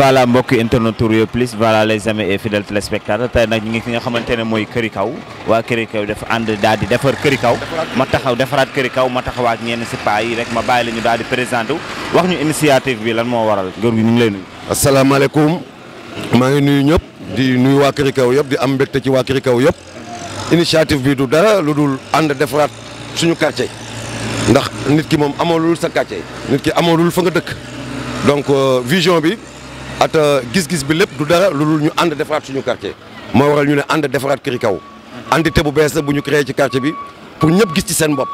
voilà mbokki internet Rio Plus voilà les amis et fidèles téléspectateurs tey nag ñi nga xamante ne mooy këri kaw waa këri kaw dafa ànd daal di defar këri kaw ma taxaw defaraat këri kaw ma taxaw ak ñenn si paa yi rek ma bàyyi la ñu daal di présenté wax ñu initiative bi lan moo waral góor gi ñu ngi lay nuyu asalaamaaleykum maa ngi nuyu ñëpp di nuyu waa këri kaw yëpp di am mbégte ci waa këri kaw yëpp initiative bi du dara lu dul ànd defaraat suñu quartier ndax nit ki moom amoolul sa quartier nit ki amoolul fa nga dëkk euh, bi at euh, gis-gis bi lépp du dara lu dul ñu ànd defaraat suñu quartier moo waral ñu ne ànd defaraat Kër Kaw entité bu bees la bu ñu créé ci quartier bi pour ñëpp gis ci seen bopp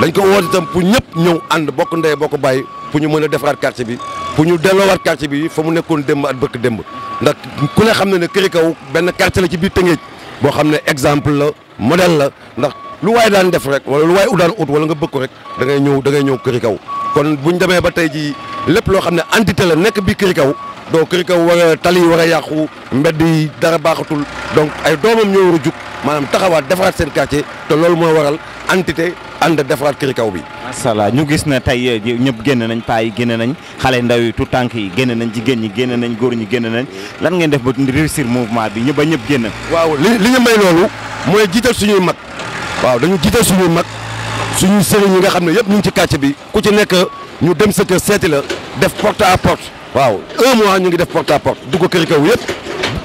dañ ko woote itam pour ñëpp ñëw ànd bokk ndey bokk bàyyi pour ñu mën a defaraat quartier bi pour ñu delloowaat quartier bi fa mu nekkoon démb at bëkk démb ndax ku ne xam ne ne Kër Kaw benn quartier la ci biir Tëngéej boo xam ne exemple la modèle la ndax lu waay daan def rek wala lu waay u daan wala nga bëgg rek da ñëw da ñëw Kër Kaw kon buñ demee ba tey ji lépp loo xam ne entité la nekk biir Kër Kaw donc kër ka war tali yi war a yàqu mbedd yi dara baaxatul donc ay doomam ñoo war a jug maanaam taxawaat defaraat seen quartier te loolu moo waral entité ànd defaraat kër kaw bi. macha allah ñu gis na tey eh, ñëpp génn nañ paa yi génn nañ xale ndaw yi tout tànk yi génn nañ jigéen ñi génn nañ góor ñi génn nañ lan ngeen def ba réussir mouvement bi ñëpp ba ñëpp génn. waaw li li ñu may loolu mooy jiital suñuy mag. waaw dañu jiital suñuy mag suñuy sëriñ yi nga xam ne yëpp ñu ngi ci quartier bi ku ci nekk ñu dem sa seeti la def porte à porte. waaw un ñu ngi def porte à porte dugg kër kaw yëpp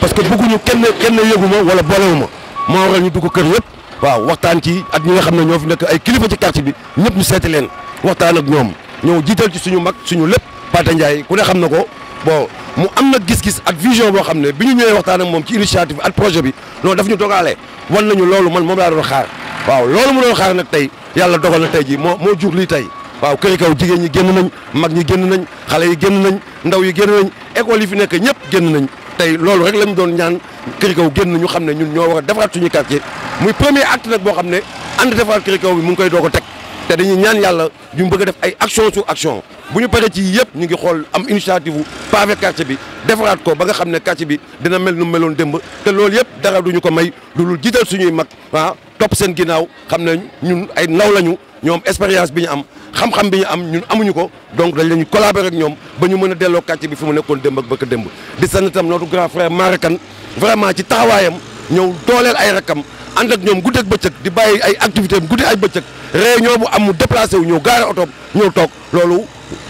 parce que bëgguñu kenn kenn yëguma wala boolewuma moo waral ñu dugg kër yëpp waaw waxtaan ci ak ñi nga xam ne ñoo fi nekk ay kilifa ci quartier bi ñëpp ñu seeti leen waxtaan ak ñoom ñëw jiital ci suñu mag suñu lépp Pate Ndiaye ku ne xam ne ko bon mu am na gis-gis ak vision boo xam ne bi ñu ñëwee waxtaan ak moom ci initiative ak projet bi non daf ñu dogaale wan nañu loolu man moom laa doon xaar waaw loolu mu doon xaar nag tey yàlla dogal na tey ji moo moo jur tey waaw këri kaw jigéen ñi génn nañ mag ñi génn nañ xale yi génn nañ ndaw yi génn nañ école yi fi nekk ñëpp génn nañ tey loolu rek lañ doon ñaan këri kaw génn ñu xam ne ñun ñoo war a defaraat suñu quartier muy premier acte nag boo xam ne ànd defaraat këri kaw bi mu ngi koy doog a teg te dañuy ñaan yàlla ñu bëgg def ay action sur action bu ñu paree ci yëpp ñu ngi xool am initiative bu pavé quartier bi defaraat ko ba nga xam ne quartier bi dina mel nu meloon démb te loolu yëpp dara ko may lu dul suñuy mag waaw ah, topp seen ginnaaw xam ne ñun ay ndaw lañu ñoom expérience bi ñu am xam-xam bi ñu am ñun amuñu ko donc dañ lañu collaborer ak ñoom ba ñu mën a delloo kàcce bi fi mu nekkoon démb ak bëkk démb di sant itam notre grand frère Marakan vraiment ci taxawaayam ñëw dooleel ay rakam ànd ak ñoom guddi ak bëccëg di bàyyi ay activité am guddi ay bëccëg réunion bu am mu déplacé wu ñëw gaare otoom ñëw toog loolu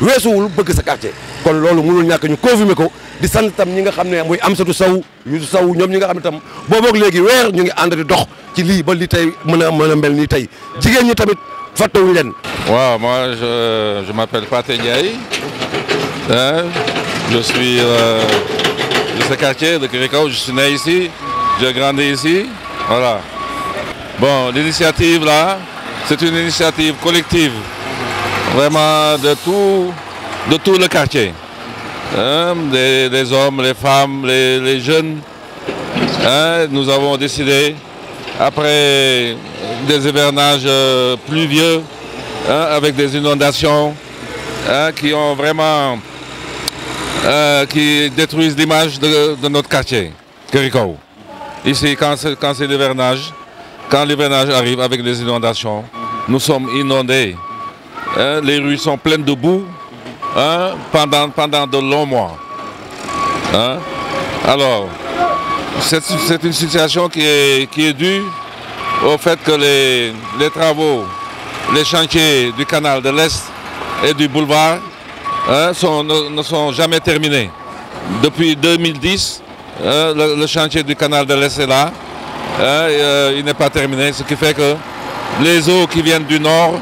weesuwul bëgg sa quartier kon loolu mënul ñàkk ñu confirmer ko di sant ñi nga xam ne mooy Amsatou Sow Youssou Sow ñoom ñi nga xam ne tam booboog léegi weer ñu ngi ànd di dox ci lii ba li tey mën a mën a mel nii tey jigéen ñi tamit fàttewuñu leen. waaw moi je je m'appelle Pathé Ndiaye hein je suis euh, de ce quartier de Kirikao je suis né ici j'ai grandi ici voilà bon l'initiative là c'est une initiative collective vraiment de tout de tout le quartier des les, les, hommes, les femmes, les, les jeunes. Hein, nous avons décidé, après des hivernages euh, pluvieux, hein, avec des inondations qui ont vraiment euh, qui détruisent l'image de, de, notre quartier, Kéricou. Ici, quand c'est l'hivernage, quand l'hivernage arrive avec les inondations, nous sommes inondés. les rues sont pleines de boue, hein, pendant, pendant de longs mois. Alors, c'est une situation qui est, qui est due au fait que les, les travaux, les chantiers du canal de l'Est et du boulevard hein, sont, ne, ne, sont jamais terminés. Depuis 2010, euh, le, le, chantier du canal de l'Est est là. Euh, et, euh, il n'est pas terminé, ce qui fait que les eaux qui viennent du nord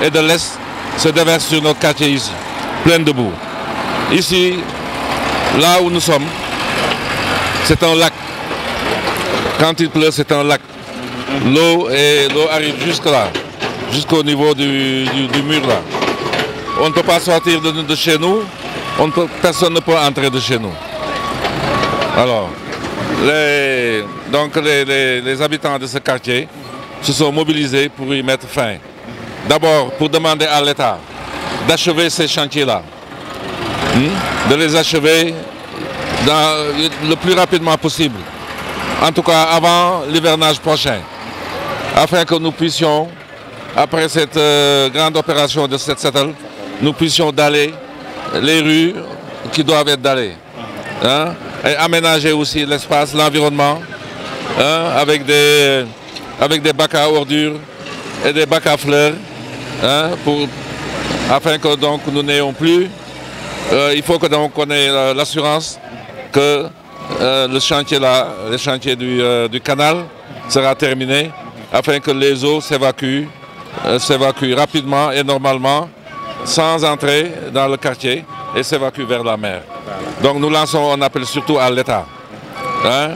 et de l'est se déversent sur notre quartier ici. pleine de boue. Ici, là où nous sommes, c'est un lac. Quand il pleut, c'est un lac. L'eau arrive jusque là, jusqu'au niveau du, du, du, mur là. On ne peut pas sortir de, de chez nous, on peut, personne ne peut entrer de chez nous. Alors, les, donc les, les, les habitants de ce quartier se sont mobilisés pour y mettre fin. D'abord, pour demander à l'État d'achever ces chantiers-là, hmm? de les achever le plus rapidement possible, en tout cas avant l'hivernage prochain, afin que nous puissions, après cette euh, grande opération de cette settle, nous puissions d'aller les rues qui doivent être dallées. et aménager aussi l'espace, l'environnement, hein? avec, des, avec des bacs à ordures et des bacs à fleurs afin que donc nous n'ayons plus. Euh, il faut que donc on ait euh, l'assurance que euh, le chantier là, le chantier du, euh, du, canal sera terminé afin que les eaux s'évacuent, euh, s'évacuent rapidement et normalement sans entrer dans le quartier et s'évacuent vers la mer. Donc nous lançons un appel surtout à l'État hein,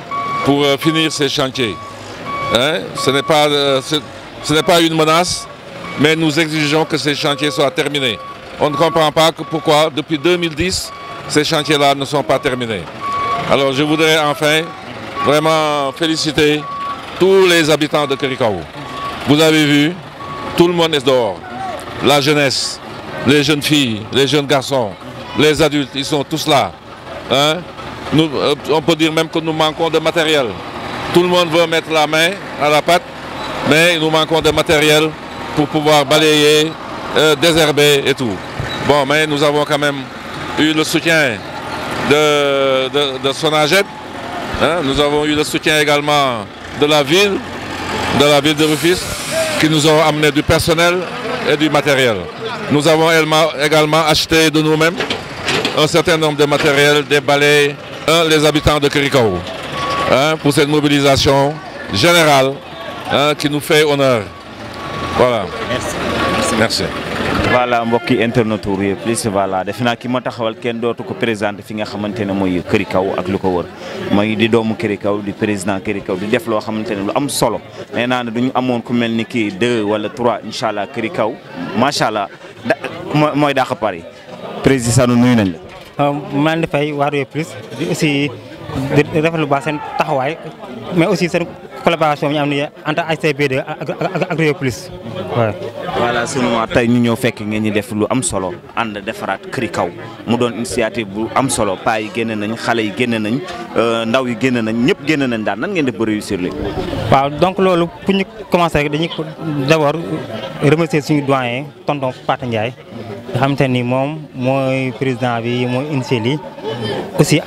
pour finir ces chantiers. Ce n'est pas une menace, mais nous exigeons que ces chantiers soient terminés. On ne comprend pas que pourquoi, depuis 2010, ces chantiers-là ne sont pas terminés. Alors je voudrais enfin vraiment féliciter tous les habitants de Kerikaou. Vous avez vu, tout le monde est dehors. La jeunesse, les jeunes filles, les jeunes garçons, les adultes, ils sont tous là. Hein? Nous, euh, on peut dire même que nous manquons de matériel. Tout le monde veut mettre la main à la pâte, mais nous manquons de matériel pour pouvoir balayer, euh, désherber et tout. Bon, mais nous avons quand même eu le soutien de, de, de Sonaget. Hein? Nous avons eu le soutien également de la ville, de la ville de Rufis, qui nous ont amené du personnel et du matériel. Nous avons également acheté de nous-mêmes un certain nombre de matériels, des balais, les habitants de Kirikaou, hein, pour cette mobilisation générale qui nous fait honneur. voilà merci merci. voilà mbokki internet tour yëpp plus voilà defe naa ki ma taxawal kenn dootu ko présenté fi nga xamante ne mooy këri kaw ak lu ko wër mooy di doomu këri kaw di président këri kaw di def loo xamante ne lu am solo nee naa ne du ñu amoon ku mel ni kii deux wala trois incha allah këri kaw macha allah da mooy dàq Paris président nuyu nañ la. Euh, maa ngi fay waa plus di aussi di rafetlu baax seen taxawaay mais aussi seen. collaboration bi ñu am ni en tant ACP2 ak ak Rio Plus waaw. tey ñu ñëw fekk ngeen ñu def lu am solo ànd defaraat Kër Kaw mu doon initiative bu am solo paa yi génn nañ xale yi génne nañ euh, ndaw yi génn nañ ñëpp génn nañ daal nan ngeen def ba réussir léegi. waaw donc loolu pour ñu commencé rek dañuy d' abord remercier suñu doyen tonton Pata Ndiaye xamante ni moom mooy président bi mooy initié lii aussi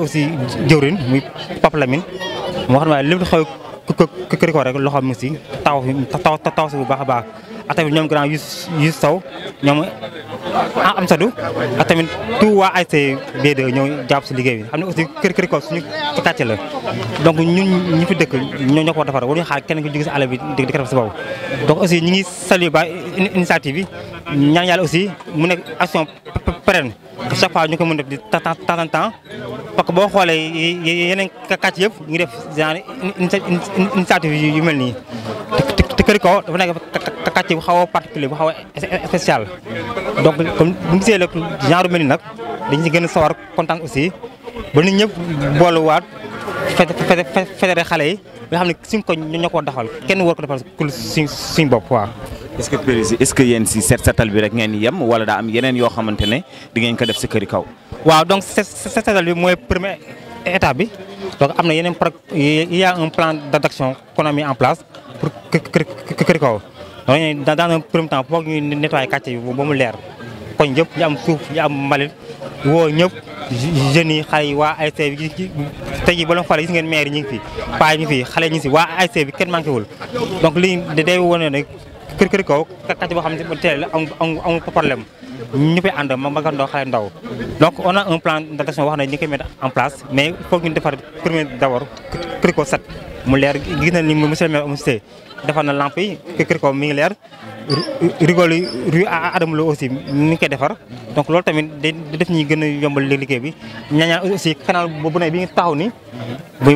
aussi jëwrin muy Pape moo xam ne waaye lépp lu xew kër koo rek loxo mu si taxaw fi taxaw si bu baax a baax ak tamit ñoom grand yu yu saw ñoom ah, am sadu ak tamit tout waa ASC B2 ñëw jàpp si liggéey bi xam ne aussi kër kër ko suñu kàcce la donc ñu ñu fi dëkk ñoo ñoo ko war defar waruñu xaar kenn ku jóge si àll bi di ko defar si boobu donc aussi ñi ngi saluer ba initiative bi ñaan yàlla aussi mu nekk action pérenne chaque fois ñu ko mun def di temps en temps que boo xoolee yeneen kàcce yëpp ñu ngi def genre initiative yu mel nii Perco dafa nekk kàcce bu xaw a particulier bu xaw a spécial donc comme ni nag dañu si gën a sawar kontaan aussi ba nit ñëpp booluwaat fete fete fete xale yi nga xam ne suñ ko kenn war ko defal suñ suñ bopp waaw. est-ce que ce que yéen si set setal bi rek ngeen yem wala daa am yeneen yoo xamante ne di ngeen ko def si këri kaw. waaw donc set setal bi mooy première étape bi donc am na yeneen pro il y a plan d'action qu'on a en place. pour kër kaw donc dans un premier temps foog ñu nettoyer quartier bi ba mu leer koñ yëpp ñu am suuf ñu am mbalit woo ñëpp jeunes yi xale yi waa ASC bi tey jii ba la xoolee gis ngeen maire yi ñu ngi fi paa yi ñu fi xale yi ñu fi waa ASC bi kenn manqué wul donc lii day wane ne kër kër kaw quartier boo xam ne teel am amul problème ñu koy ànd ma nga ndaw xale ndaw donc on a un plan d'action wax na ñu koy mettre en place mais il faut que ñu defar premier d'abord Cricco set mu leer gis na ni monsieur le maire monsieur defar na lampe yi mi ngi leer rigole yi rue Adama aussi mi ngi koy defar donc loolu tamit de def ñuy gën a yombal liggéey bi ñaañaan aussi canal bu ne bi nga taxaw ni bu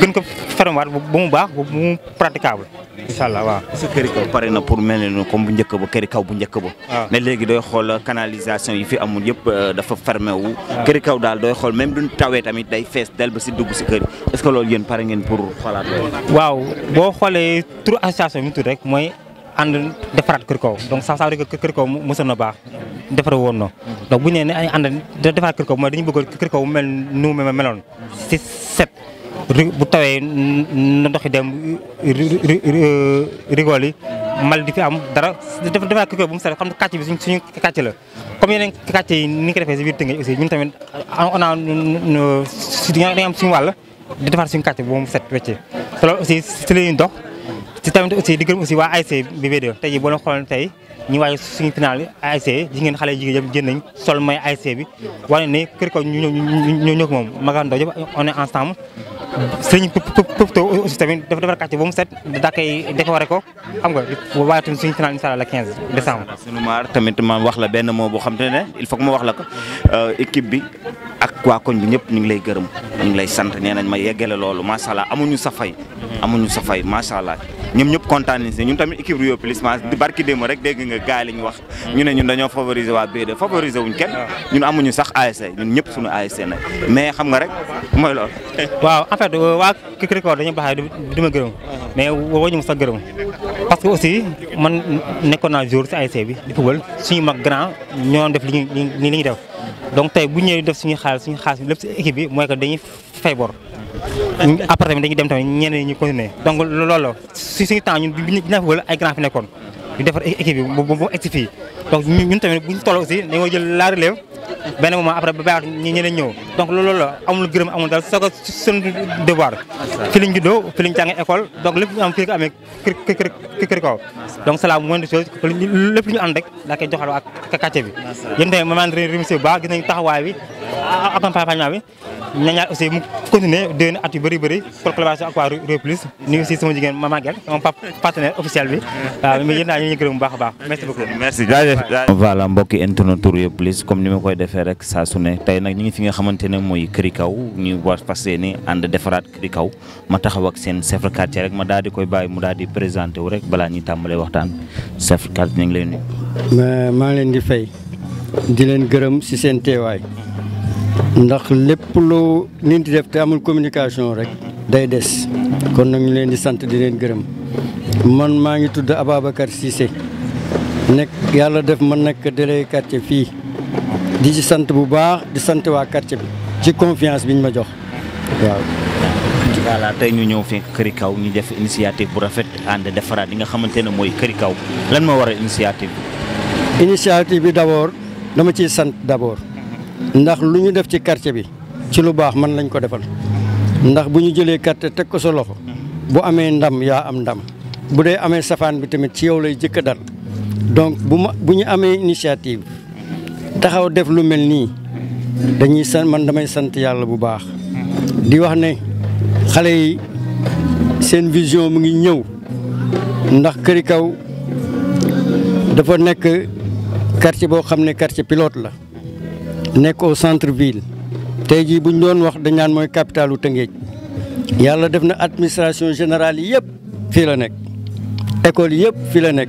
gën ko fermewaat ba mu baax ba mu praticable incha allah waaw sa këri kaw pare na pour mel ne comme bu njëkk ba këri kaw bu njëkk ba ne ah. léegi doy xool canalisation yi fi amul yëpp euh, dafa fermé wu ah. këri kaw daal doy xool même duñ tawee tamit day fees del ba si dugg si kër est ce que loolu yéen pare ngeen pour xoolaat loolu waaw boo xoolee tur association bi mu tudd rek mooy ànd defaraat kër kaw donc ça veut baax defare woon na donc bu ñu nee ne ay ànd defaraat kër kaw mooy dañu bëgg kër kaw mel bu tawee ndoxi dem euh, rigol yi mal di fi am dara dafa dafa kii koy bu mu sare xam ne kàcc bi suñ suñu kàcc la comme yeneen kàcc yi ni ko defee si biir Tëngéej aussi ñun tamit on a dañu di defar suñu kàcc bu set weccee te loolu aussi si la dox si tamit aussi di gërëm aussi waa ASC bi BD tey jii boo leen xooloon tey ñu waaye suñu final ASC ji ngeen xale jigéen yëpp génn nañ sol may ASC bi wane ne kër ko ñu ñoo ñoo ñoo moom Maguette Ndo on est ensemble sëñ Tubta aussi tamit dafa defar kàcce ba mu set dàkk yi décoré wax la benn mot boo xam te ne il faut que wax la ko euh, équipe bi ak waa koñ bi ñëpp ñu ngi lay gërëm. ñu ngi lay sant nee nañ ma yeggale loolu macha allah amuñu safay. amuñu safay macha allah ñoom ñëpp kontaan nañ si ñun tamit équipe Rio Plus di barki démb rek dégg nga gars yi lañ wax. ñu ne ñun dañoo favoriser waa BD favoriser wuñ kenn. ñun amuñu sax ASC ñun ñëpp suñu ASC nag mais xam nga rek mooy loolu. waaw en fait waa Cricor dañu baaxee di ma gërëm mais woo ñu ma sax gërëm parce que aussi man nekkoon naa jour si ASC bi di football suñu mag grand ñoo def li ñuy def donc tey bu ñëwee def suñu xaalis suñu xaalis lépp si équipe bi mooy que dañuy fay bor dem tamit ñeneen ñu continuer donc loolu suñu temps ñun bi ñu naan ay grand fi nekkoon ñu defar équipe bi bu donc ñun tamit buñ toll aussi dañoo jël la relève benn moment après ba baax ñi ñëw donc loolu amul gërëm amul dal soo ko devoir fi liñ juddoo fi liñ jàngee école donc lépp ñu am fii donc c'est la moindre chose lépp lu ñu am rek daa koy ak kàcce bi yéen tamit maman remercier bu baax gis nañ taxawaay bi accompagnement bi ñañaar aussi mu continuer déwén at yu bëri bëri pour collaboration ak waa Rio Plus ni aussi sama jigéen maman Guèye sama partenaire officiel bi waaw mais yéen voilà mbokki internet tour plus comme ni ma koy defee rek saa ne tey nag ñu ngi fi nga xamante ne mooy këri kaw ñu war fas yéene ànd defaraat këri kaw ma taxaw ak seen chef de rek ma daal di koy bàyyi mu daal di présenté wu rek balaa ñuy tàmbalee waxtaan chef ñu ngi lay nuyu. maa ngi leen di fay di leen gërëm si seen teewaay ndax lépp loo nit di def te amul communication rek day des kon nag leen di sant di leen gërëm man maa ngi tudd Ababacar Cissé. nekk yàlla def ma nekk délégué quartier fii di ci sant bu baax di sant waa quartier bi ci confiance bi ñu ma jox waaw. te tey ñu ñëw fii këri Kaw ñu def initiative bu rafet ànd defaraat li xamante ne mooy këri Kaw lan moo waral initiative bi. initiative bi d' abord dama ciy sant d' abord ndax lu ñu def ci quartier bi ci lu baax man lañ ko defal ndax bu ñu jëlee quartier teg ko sa loxo bu amee ndam yaa am ndam bu dee amee safaan bi tamit ci yow lay jëkk dal. donc bu ma bu ñu amee initiative taxaw def lu mel nii dañuy sant man damay sant yàlla bu baax di wax ne xale yi seen vision mu ngi ñëw ndax këri kaw dafa nekk quartier boo xam ne quartier pilote la nekk au centre ville tey jii bu ñu doon wax dañ naan mooy capitalu Tëngéej yàlla def na administration générale yëpp fii la nekk école yëpp fii la nekk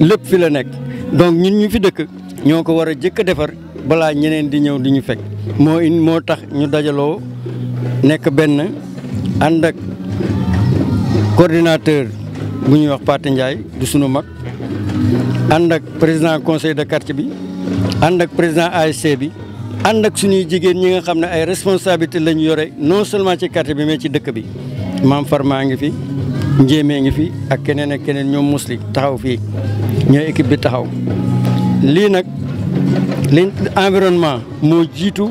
lépp fi la nekk donc ñun ñu fi dëkk ñoo ko war a jëkk a defar balaa ñeneen di ñëw di ñu fekk moo in moo tax ñu dajaloo nekk benn ànd ak coordinateur bu ñuy wax Pathé Ndiaye du sunu mag ànd ak président conseil de quartier bi ànd ak président ASC bi ànd ak suñuy jigéen ñi nga xam ne ay responsabilité lañu yore non seulement ci quartier bi mais ci dëkk bi maam Farma ngi fi njéemee ngi fi ak keneen ak keneen ñoom musli taxaw fii ñooy équipe bi taxaw lii nag li environnement moo jiitu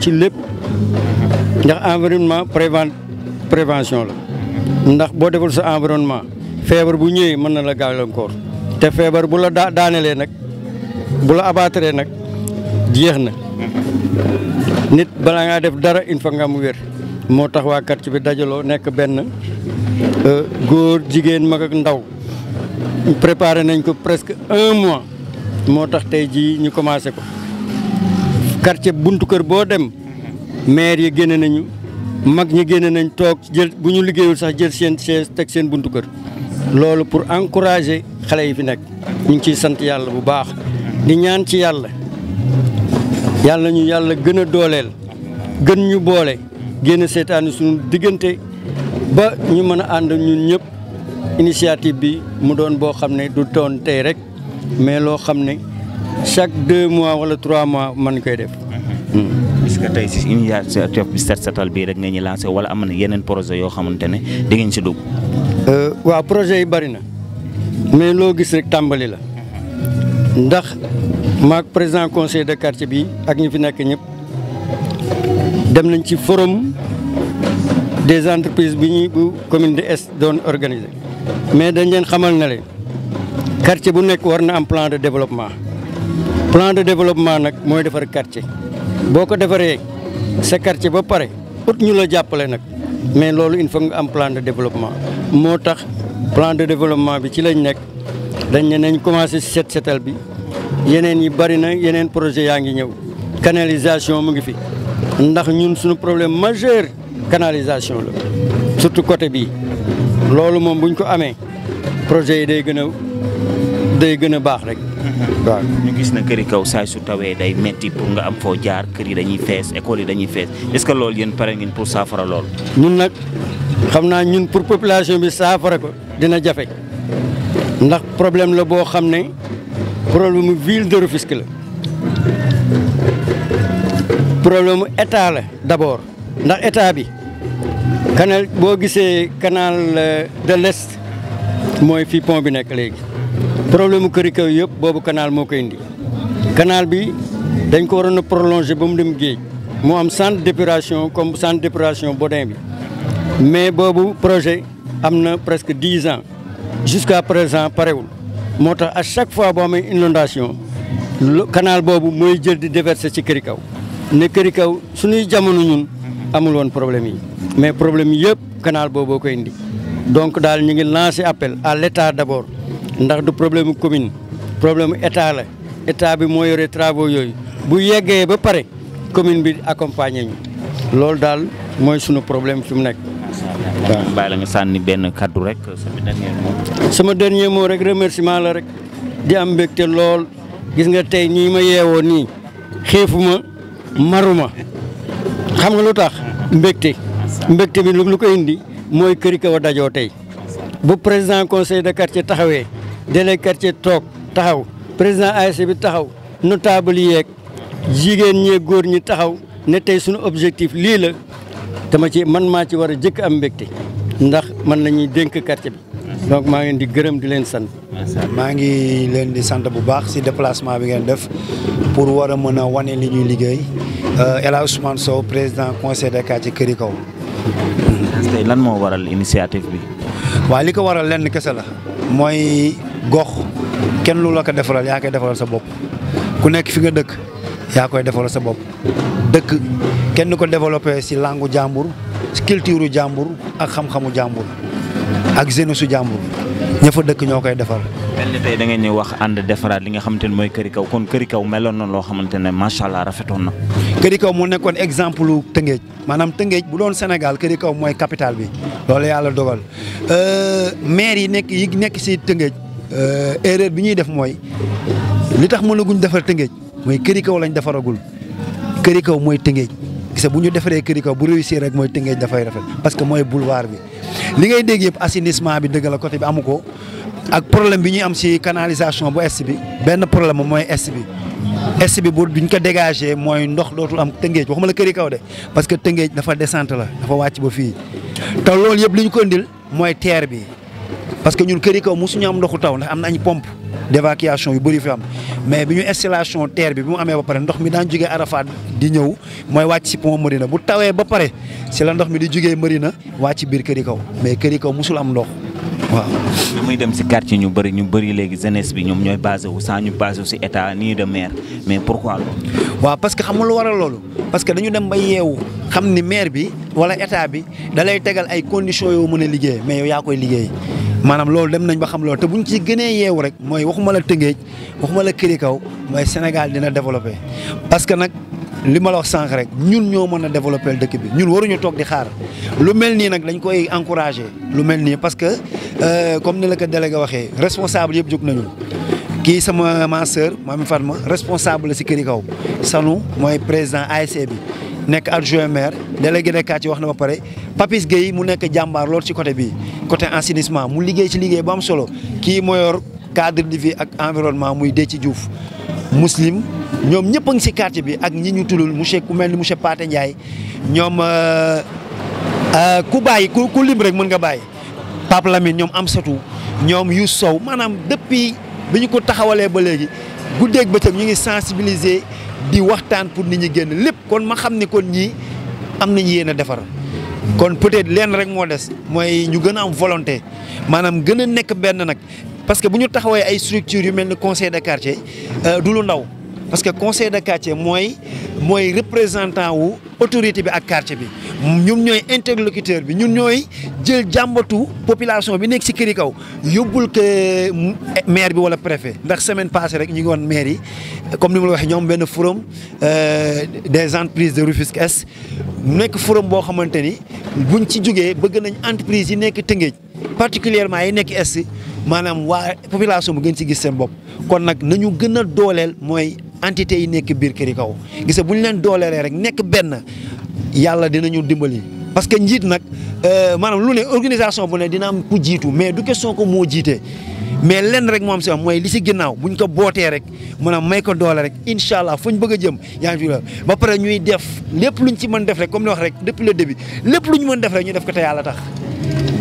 ci lépp ndax environnement préven prévention la ndax boo deful sa environnement feebar bu ñëwee mën na la gàllankoor te feebar bu la daa daanelee nag bu la abaatare nag jeex na nit balaa ngaa def dara il faut nga mu wér moo tax waa quartier bi dajaloo nekk benn euh, góor jigéen mag ak ndaw préparé nañ ko presque un mois moo tax tey jii ñu commencé ko quartier buntu kër boo dem maire yi génne nañu mag ñi génne nañ toog jël bu ñu liggéeyul sax jël seen chaise teg seen buntu kër loolu pour encourager xale yi fi nekk ñu ngi ciy sant yàlla bu baax di ñaan ci yàlla yàlla ñu yàlla gën a dooleel gën ñu boole génn seetaani suñu diggante ba ñu mën a ànd ñun ñëpp initiative bi mu doon boo xam ne du toon tey rek mais loo xam ne chaque deux mois wala trois mois man koy def. est-ce tey si initiative bi set setal bii rek nga ñu lancé wala am na yeneen projet yoo xamante ne di ngeen si dugg. Euh, waaw projet yi bari na mais loo gis rek tàmbali la ndax maak président conseil de quartier bi ak ñi fi nekk ñëpp. dem nañ ci forum des entreprises bi ñuy bu commune de Est doon organisé mais dañ leen xamal na leen quartier bu nekk war na am plan de développement plan de développement nag mooy defar quartier boo ko defaree sa quartier ba pare ut ñu la jàppale nag mais loolu il faut nga am plan de développement moo tax plan de développement bi ci lañ nekk dañ ne nañ commencé si set setal bi yeneen yi bari na yeneen projet yaa ngi ñëw canalisation mu ngi fi ndax ñun suñu problème majeur canalisation la surtout côté bii loolu moom buñ ko amee projet yi day gën a day gën a baax rek. Mhm. waaw ñu gis na kër yi kaw saay su tawee day metti pour nga am foo jaar kër yi dañuy fees école yi dañuy fees est-ce que loolu yéen pare ngeen pour saafara lool. ñun nag xam naa ñun pour population bi saafara ko dina jafe ndax problème la boo xam ne problème ville de Rufisque la. problème état la d'abord ndax état bi canal boo gisee kanaal euh, de l'est mooy fii pont bi nekk léegi problème mu këri yëpp boobu kanaal moo koy indi canal bi dañ ko waroon a prolonger ba mu dem géej moo am centre d'épuration comme centre d'épuration Bodin bi mais boobu projet am na presque dix ans jusqu'à présent parewul moo tax a chaque fois boo amee inondation canal boobu mooy jël di déverser ci këri ne këri kaw suñuy jamono ñun amul woon problème yi mais problème yëpp kanaal booboo ko indi donc daal ñu ngi lancé appel à l' état abord ndax du problème commune problème état la état bi moo yore travaux yooyu bu yeggee ba pare commune bi accompagner ñu loolu daal mooy sunu problème fi mu nekk. waaw bàyyi la sànni benn kaddu rek sama dernier mot. sama dernier mot la rek di am mbégte lool gis nga tey ñii ma yeewoo nii xiifuma maruma xam nga lu tax mbégte mbégte bi lu ko indi mooy këri kaw a dajoo tey bu président conseil de quartier taxawee délégué quartier toog taxaw président ASC bi taxaw nu notable yeeg jigéen ñee góor ñi taxaw ne tey suñu objectif lii la dama ci man maa ci war a jëkk am mbégte ndax man la dénk quartier bi donc maa ngeen di gërëm di leen sant. maa ngi leen di sant bu baax si déplacement bi ngeen def pour war a mën a wane li ñuy liggéey euh, El Hadj Ousmane Sow président conseil de des ci Këri Kaw. tey lan moo waral initiative bi. waa li ko waral lenn kese la mooy gox kenn lu la ko defaral yaa koy defaral sa bopp ku nekk fi nga dëkk yaa koy defaral sa bopp dëkk kenn ko développé si langu jàmbur si culture jàmbur ak xam-xamu jàmbur. ak jeune su jàmbur ña fa dëkk ñoo koy defar. mel ni tey da ngeen ñuy wax ànd defaraat li nga xamante ne mooy këri kaw kon këri kaw meloon na loo xamante ne macha allah rafetoon na. këri kaw mu nekkoon exemple Tëngéej maanaam Tëngéej bu doon Sénégal këri kaw mooy capitale bi loolu yàlla dogal euh, maire yi nekk yi nekk si Tëngéej euh, erreur bi ñuy def mooy li tax mënaguñ defar Tëngéej mooy këri kaw lañ defaragul këri kaw mooy Tëngéej. gis bu ñu defaree kër yi kaw bu réussir rek mooy Tëngéej dafay rafet parce que mooy boulevard bi li ngay dégg yëpp assainissement bi dëgg la côté bi amu ko ak problème bi ñuy am si canalisation bu est bi benn problème mooy est bi est bi bu duñ ko dégagé mooy ndox dootul am Tëngéej waxuma la kër yi kaw de parce que Tëngéej dafa descente la dafa wàcc ba fii te loolu yëpp lu ñu ko indil mooy terre bi parce que ñun kër yi kaw mosuñu am ndoxu taw ndax am na añ pompe d'évacuation yu bëri fi am mais bi ñu installation terre bi bi mu amee ba pare ndox mi daan jógee Arafat di ñëw mooy wàcc si pont Marina bu tawee ba pare si la ndox mi di jógee Marina wàcc biir kër yi kaw mais kër yi kaw mosul am ndox waaw bi muy dem si quartier ñu bëri ñu bëri léegi jeunesse bi ñoom ñooy basé wu sans ñu basé si état nii de maire mais pourquoi loolu. waaw parce que xam nga lu waral loolu parce que dañu dem ba yeewu xam ni maire bi wala état bi dalay tegal ay conditions yow mën a liggéey mais yow yaa koy liggéey maanaam loolu dem nañ ba xam loolu te ñu ci gënee yeewu rek mooy waxuma la Tëngéej waxuma la Kirikaw mooy Sénégal dina développé parce nag. li ma la wax sànq rek ñun ñoo mën a développer dëkk bi ñun waruñu toog di xaar lu mel nii nag dañ koy encourager lu mel nii parce que euh, comme ni la ko délégué waxee responsable yëpp jóg nañu kii sama ma sœur Mami Fatma responsable la si këri kaw Sanu mooy président ASC bi nekk adjoint maire délégué de quartier wax na ba pare Papis Gueye mu nekk jàmbaar lool ci côté bii côté assainissement mu liggéey ci liggéey bu am solo kii moo yor cadre de vie ak environnement muy Déthié Diouf muslim ñoom ñëpp a ngi si quartier bi ak ñi ñu tulul monsieur ku mel ni monsieur Pathé Ndiaye ñoom euh, euh, ku bàyyi ku ku lim rek mën nga bàyyi Pape ñoom am satu ñoom Youssou Sow maanaam depuis bi ñu ko taxawalee ba léegi guddeeg bëccëg ñu ngi sensibiliser di waxtaan pour ni ñi génn lépp kon ma xam ne kon ñii am nañu yéen a defar kon peut-être leen rek moo des mooy ñu gën a am volonté maanaam gën a nekk benn nag parce que bu ñu taxawee ay structures yu mel ni conseil de quartier euh, du lu ndaw parce que conseil de quartier mooy mooy représentant wu autorité bi ak quartier bi ñun ñooy interlocuteur bi ñun ñooy jël jàmbatu population bi nekk ci këri kaw yóbbul que eh, maire bi walla préfet ndax semaine passée rek ñu ngi woon maire yi comme ni ma la waxee ñoom benn forum euh, des entreprises de Rufisque mu nekk forum boo xamante ni buñ ci jógee bëgg nañ entreprise yi nekk Tëngéej particulièrement yi nekk Est maanaam waa population bu gën si gis seen bopp kon nag nañu gën a dooleel mooy entité yi nekk biir këri kaw gis bu ñu leen dooleelee rek nekk benn yàlla dinañu dimbali. parce que njiit nag euh, maanaam lu ne organisation bu ne dina am ku jiitu mais du question ko moo jiite mais lenn rek moom am si am mooy li si ginnaaw buñ ko bootee rek maanaam may ko doole rek incha allah fuñ ñu a jëm yaa ngi fi ba pare ñuy def lépp luñ ci mën def rek comme ni rek depuis le début lépp luñ mën def rek ñu def ko te yàlla tax.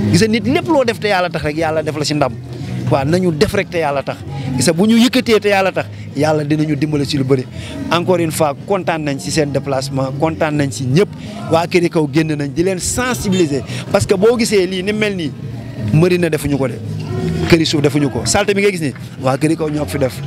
gis nit lépp loo def te yàlla tax rek yàlla def la si ndam waa nañu def rek te yàlla tax gis bu ñu yëkkatee te yàlla tax yàlla dinañu dimbale si lu bëri encore une fois kontaan nañ si seen déplacement kontaan nañ si ñëpp waa këri kaw génn nañ di leen sensibiliser parce que boo gisee lii ni mel nii mëri na defuñu ko de këri suuf defuñu ko salte bi nga gis ni waa këri kaw ñoo fi def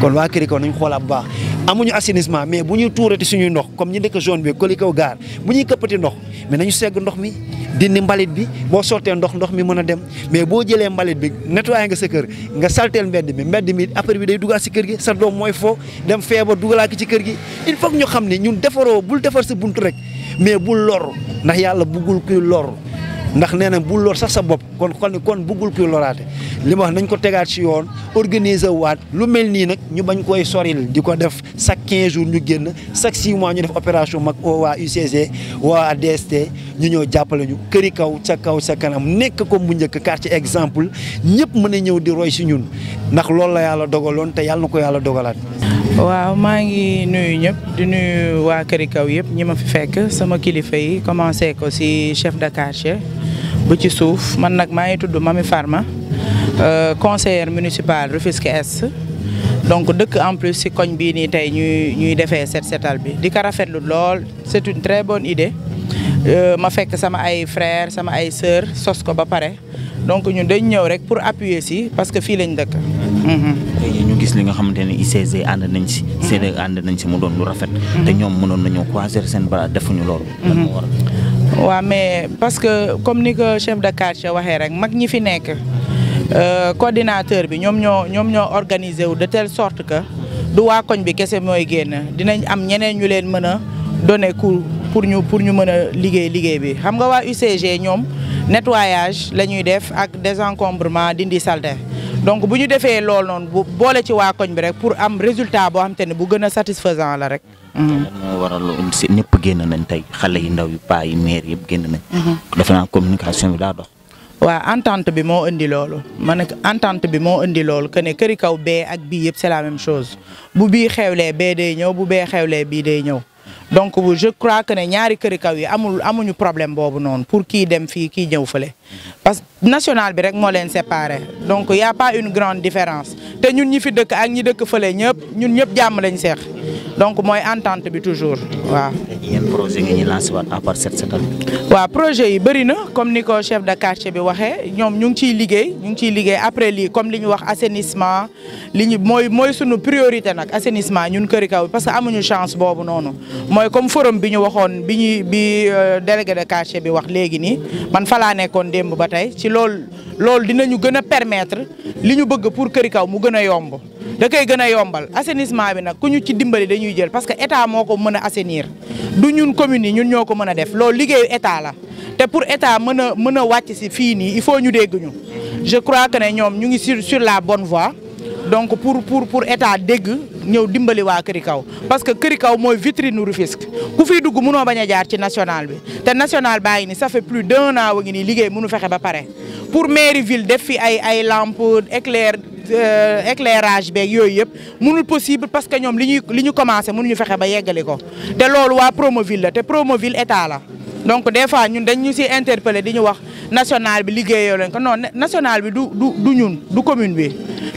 kon waa këri kaw nañ xoolaat bu baax amuñu assainissement mais bu ñuy tuurati suñuy ndox comme ñi dëkk zone bi Kolikaw gaar bu ñuy këppati ndox mais nañu segg ndox mi dindi mbalit bi boo sottee ndox ndox mi mën a dem mais boo jëlee mbalit bi nettoyé nga sa kër nga salteel mbedd mi mbedd mi après bi day dugaat si kër gi sa doom mooy foo dem feebar dugalaat ki ci kër gi il faut ñu xam ne ñun defaroo bul defar sa bunt rek mais bul lor ndax yàlla buggul kuy lor ndax nee na bu lor sax sa bopp kon kon kon buggul kuy loraate li ma wax nañ ko tegaat si yoon organiser waat lu mel nii nag ñu bañ koy soril di ko def chaque 15 jours ñu génn chaque 6 mois ñu def opération mag oo waa UCG waa DST ñu ñëw jàppale ñu këri kaw ca kaw sa kanam nekk comme bu njëkk quartier exemple ñëpp mën a ñëw di roy si ñun ndax loolu la yàlla dogaloon te yàlla na ko yàlla dogalaat. waaw maa ngi nuyu ñëpp di nuyu waa këri kaw yëpp ñi ma fi fekk sama kilifa yi commencé ko si chef de quartier bu ci suuf man nag maa ngi tudd Mamy Farma euh, conseillère municipale Rufisque Est donc dëkk en plus si koñ bii nii tey ñuy ñuy defee set setal bi di ko rafetlu lool c'est une bon bonne idée euh, ma fekk sama ay frère sama ay sœur sos ko ba pare donc ñun dañ ñëw rek pour appuyer si parce que fii leen dëkk. Mm-hmm. tey ñu gis li nga xamante ne ICG ànd nañ si. Mm-hmm. CDE ànd nañ si mu doon lu rafet. Mm-hmm. te ñoom mënoon nañoo croiser seen bras defuñu loolu. lan waaw mais parce que comme ni ko chef de ca waxee rek mag ñi fi nekk euh, coordinateur bi ñoom ñoo ñoom ñoo organiser wu de telle sorte que du waa koñ bi kese mooy génn dinañ am ñeneen ñu leen mën a donné pour ñu pour ñu mën a liggéey liggéey bi xam nga waa UCG ñoom nettoyage la ñuy def ak désencombrement dindi salte donc bu ñu defee lool noonu bu boole ci waa koñ bi rek pour am résultat boo xam te ne bu gën a satisfaisant la rek. waral loolu si ñëpp génn nañ tey xale yi ndaw yi paa yi maire yëpp génn nañ. Mhm. defe naa communication bi daa dox. waa entente bi moo indi loolu man nag entente bi moo indi loolu que ne këri kaw bee ak bi yëpp c'est la même chose bu bii xewlee bee day ñëw bu bee xewlee bii day ñëw. donc je crois que ne ñaari këri kaw yi amul amuñu problème boobu noonu pour kii dem fii kii ñëw fële parce que national bi rek moo leen séparé donc y' pas une grande différence te ñun ñi fi dëkk ak ñi dëkk fële ñëpp ñun ñëpp jàmm lañ seex donc mooy entente bi toujours waaw. yéen projet yi ñu lancé waat à part set setal waaw yi bëri na comme ni ko chef de quartier bi waxee ñoom ñu ngi ciy liggéey ñu ngi ciy liggéey après lii comme li ñu wax assainissement li ñu mooy mooy sunu priorité nag assainissement ñun këri kaw parce que amuñu chance boobu noonu. mooy comme forum bi ñu waxoon bi ñuy bi euh, délégué de quartier bi wax léegi nii man fa laa nekkoon démb ba tey ci lool loolu dinañu gën a permettre li ñu bëgg pour Kër Kaw mu gën a yomb da koy gën a yombal assainissement bi nag ku ñu ci dimbali dañuy jël parce que état moo ko mën a assainir du ñun commune yi ñun ñoo ko mën a def loolu liggéeyu état la te pour état mën a mën a wàcc si fii nii il faut ñu dégg ñu je crois que ne ñoom ñu ngi sur sur la bonne voie donc pour pour pour état dégg ñëw dimbali waa Kër Kaw parce que Kër Kaw mooy vitrine Rufisque ku fiy dugg munoo bañ a jaar ci national bi te national baa ngi ni ça fait plus d'un an wa ngi liggéey mënu fexe ba pare pour mairie ville def fi ay ay lampe éclair euh, éclairage beeg yooyu yëpp mënul possible parce que ñoom li ñuy li ñu commencé mënuñu fexe ba yeggali ko te loolu waa Promoville la te Promoville état la donc des fois ñun dañu ñu si interpellé di ñu wax national bi liggéeyoo leen ko non national bi du du du ñun du commune bi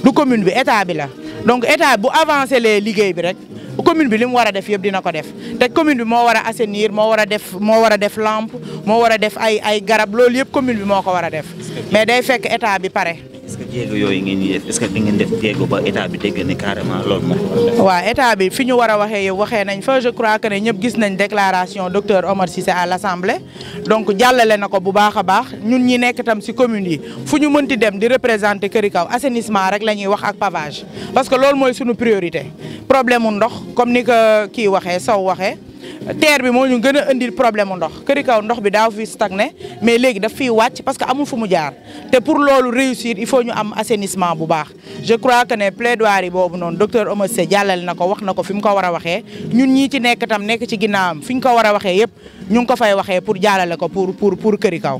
du commune bi état bi la. donc état bu avancé le liggéey bi rek commune bi li mu war a def yëpp dina ko def te commune bi moo war a assainir moo war a def moo war a def lampe moo war a def ay ay garab loolu yëpp commune bi moo ko war a def mais day fekk état bi pare. est-ce que jéego yooyu ngeen di def est-ce que ngeen def jéego ba état bi dégg ne carrément loolu moo waaw état bi fi ñu war a waxee yow waxee nañ fa je crois que ne ñëpp gis nañ déclaration docteur Omar Cissé à l'Assemblée donc jàllale na ko bu baax a baax ñun ñi nekk tam ci communes yi fu ñu mënti dem di représenter Kër Kaw assainissement rek la ñuy wax ak pavage parce que lool mooy su suñu priorité problème mu ndox comme ni ko kii waxee Sow waxee terre bi moo ñu gën a indil problème u ndox këri kaw ndox bi daa fi stagné mais léegi daf fi wàcc parce que amu fu mu jaar te pour loolu réussir il faut ñu am assenissement bu baax je crois que ne plaidoirie boobu noonu docteur Omar Seye jàllale na ko wax na ko fi mu ko war a waxee ñun ñii ci nekk nekk ci ginnaawam fi ñu ko war a waxee yëpp ñu ngi ko fay waxee pour jaalale ko pour pour pour këri kaw.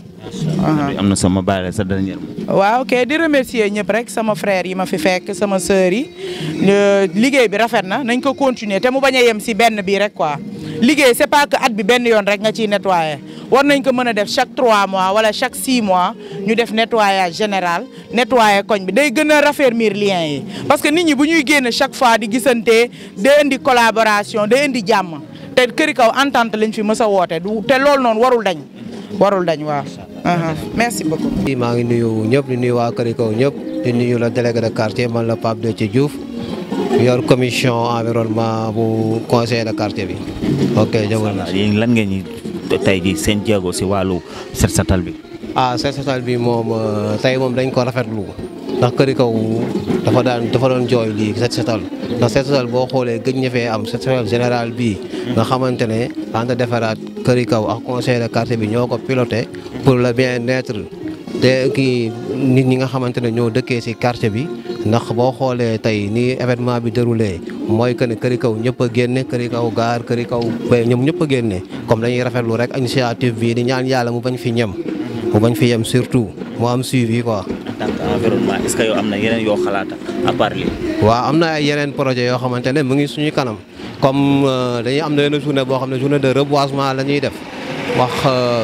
am na sama baale sa dernier mot. waaw ok di remercier ñëpp rek sama frère yi ma fi fekk sama sœur yi liggéey bi rafet na nañ ko continuer te mu bañ a yem si benn bii rek quoi liggéey c'est pas que at bi benn yoon rek nga ciy nettoyer war nañ ko mën a def chaque 3 mois wala chaque 6 mois ñu def nettoyage général nettoyer koñ bi day gën a raffermir lien yi parce que nit ñi bu ñuy génn chaque fois di gisante day indi collaboration day jàmm. te këri kaw entente lañ fi mës a woote du te loolu noonu warul dañ warul dañ waaw. merci beaucoup. maa ngi nuyu ñëpp di nuyu waa këri ñëpp di nuyu la délégué de quartier man la Pape Déthié Diouf yor commission environnement bu conseil de quartier bi. ok jërëjëf lan ngeen ñi tey jii seen jéego si wàllu set setal bi. ah set setal bi moom eh, tey moom dañ ko rafetlu ndax këri kaw dafa daan dafa doon jooy lii set setal ndax set setal boo xoolee gëj na fee am set setal général bii nga xamante ne ànd defaraat këri kaw ak conseil de quartier bi ñoo ko piloté pour le bien-être te kii nit ñi nga xamante ne ñoo dëkkee ci quartier bi ndax boo xoolee tey ni événement bi déroulé mooy que ne këri kaw ñëpp a génne këri kaw gaar këri kaw ñoom ñëpp a génne comme dañuy rafetlu rek initiative bi di ñaan yàlla mu bañ fi ñem mu bañ fi yem surtout moo am suivi quoi. en tant que environnement est am na yeneen yoo xalaat à part lii. waaw am na ay yeneen projet yoo xamante ne mu ngi suñu kanam comme euh, dañuy am na yenn journée boo xam ne journée de reboisement la ñuy def wax euh,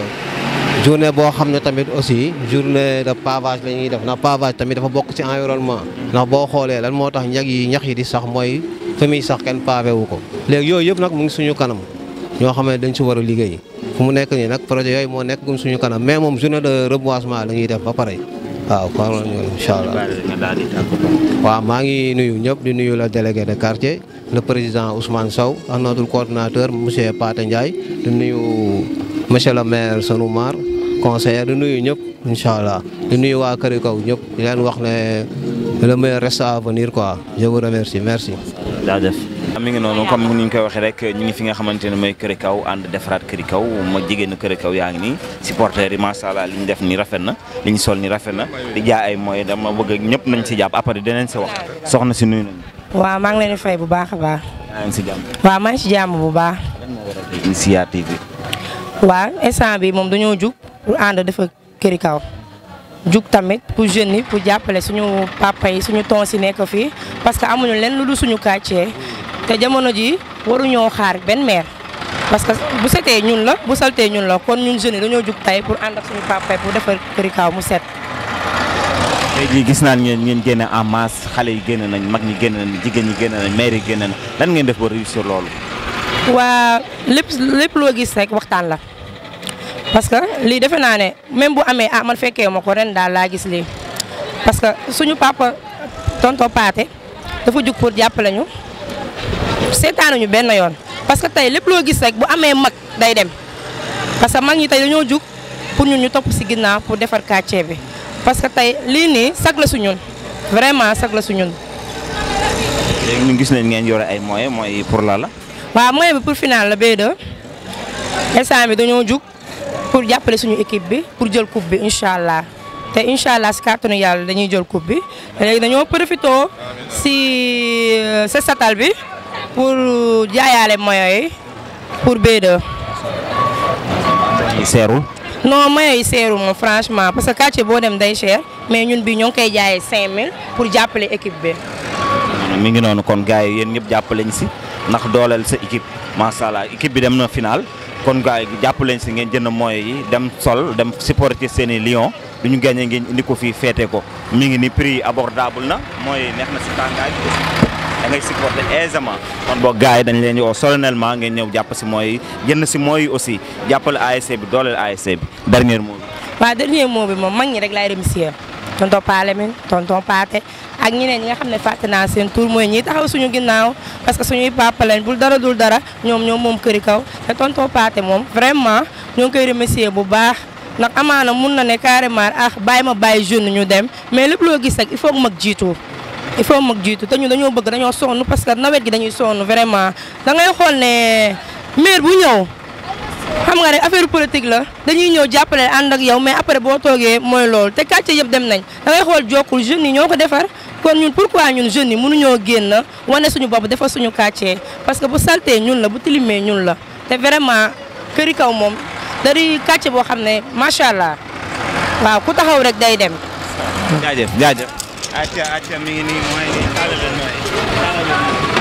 journée boo xam ne tamit aussi journée de pavage la ñuy def na pavage tamit dafa bokk ci environnement. na boo xoolee lan moo tax ñax yi ñax yi di sax mooy fa sax kenn pavé ko léegi yooyu yëpp nag mu ngi suñu kanam ñoo xam ne dañ si war a liggéey. fu mu nekk nii nag projet yooyu moo nekk gum suñu kanam mais moom journée de reboisement la ñuy def ba pare waaw kon allah waaw maa ngi nuyu ñëpp di nuyu la délégué de quartier le président Ousmane Sow ak notre coordonnateur monsieur Pathé Ndiaye di nuyu monsieur le maire Sanou Mar conseiller di nuyu ñëpp incha allah di nuyu waa Kër Kaw ñëpp di wax ne le meilleur reste à venir quoi je vous remercie merci. Ah, mi ngi noonu comme ni ñu koy waxee rek ñu ngi fi nga xamante ne mooy Kër Kaw ànd defaraat Kër Kaw ma jigéenu Kër Kaw yaa ngi nii supporters yi macha allah li ñu def ni rafet na li ñu sol ni rafet na di jaay ay mooy dama bëgg ñëpp nañ si jàpp après dinañ si wax si nuyu nañ waaw fay bu baax a baax. maa ngi si jàmm. waaw maa ngi si jàmm bu baax. lan moo waral initiative bi. waaw instant bi moom dañoo jug pour ànd dafa Kër Kaw jug tamit pour jeunes yi pour jàppale suñu papa yi suñu tonsi nekk fii parce que amuñu leen lu dul suñu quartier te jamono ji waruñoo xaar benn maire parce que bu setee ñun la bu saltee ñun la kon ñun jeunes dañoo jug tey pour ànd ak suñu papa pour defar Kër Kaaw mu set. léegi gis naan ngeen ngeen génne en masse xale yi génne nañ mag ñi génne nañ jigéen ñi génne nañ maire yi génne nañ lan ngeen def ba réussir loolu. waa lépp loo gis rek waxtaan la parce que lii defe naa ne même bu amee ah man fekkee ma ko ren daal laa gis lii parce que suñu papa tonto paate dafa jug pour jàpp lañu ñu benn yoon parce que tey lépp loo gis rek bu amee mag day dem parce que mag ñi tey dañoo jug pour ñun ñu topp si ginnaaw pour defar quartier bi parce que tey lii nii sag la su ñun vraiment sag la su ñun. ñu gis nañ ngeen yore ay moyens mooy pour la la. waaw moyen bi pour finaan la B2 instant bi dañoo jug pour jàppale suñu équipe bi pour jël coupe bi incha allah te incha allah si kàttanu yàlla dañuy jël coupe bi léegi dañoo profité si euh, sesatal bi. pour jaayaale maillot yi pour B2. yi seerul. non maillot yi seerul moom franchement parce que quartier boo dem day cher mais ñun bi ñoo ngi koy jaayee 5000 pour jàppale équipe bi. mu ngi noonu kon gars yi yéen ñëpp jàppaleñ si ndax dooleel sa équipe macha allah équipe bi dem na final kon gars yi jàppaleñ si ngeen jënd maillot yi dem sol dem supporter seen i Lions du ñu gagné ngeen indi ko fii féete ko mi ngi ni prix abordable na mooy neex na si tàngaay bi da ngay supporter aisément kon boog gars yi dañ leen di woo solennellement ngeen ñëw jàpp si mooy génn si mooy aussi jàppale ASC bi dooleel ASC bi dernier mot bi waaw dernier mot moom mag ñi rek laay remercier tonton Paale mi tonton Paate ak ñeneen ñi nga xam ne fàtte naa seen tur mooy ñi taxaw suñu ginnaaw parce que suñuy papa lañ bul dara dul dara ñoom ñoom moom këri kaw te tonton Paate moom vraiment ñoo ngi koy remercier bu baax ndax amaana mun na ne carrément ah baay ma bàyyi jeune ñu dem mais lépp loo gis rek il faut mag jiitu il faut mag jiitu te ñun dañoo bëgg dañoo sonn parce que nawet gi dañuy sonn vraiment da ngay xool ne maire bu ñëw xam nga rek affaire politique la dañuy ñëw jàppale ànd ak yow mais après boo toogee mooy loolu te quartier yëpp dem nañ da xool jokkul jeunes yi ñoo ko defar kon ñun pourquoi ñun jeunes yi mënuñoo génn wane suñu bopp defar suñu quartier parce que bu saltee ñun la bu tilimee ñun la te vraiment këri kaw moom dari quartier boo xam ne macha allah waaw ku taxaw rek day dem. acca acca mi ngi nii mooy nii xaaral leen mooy xaaral leen mooy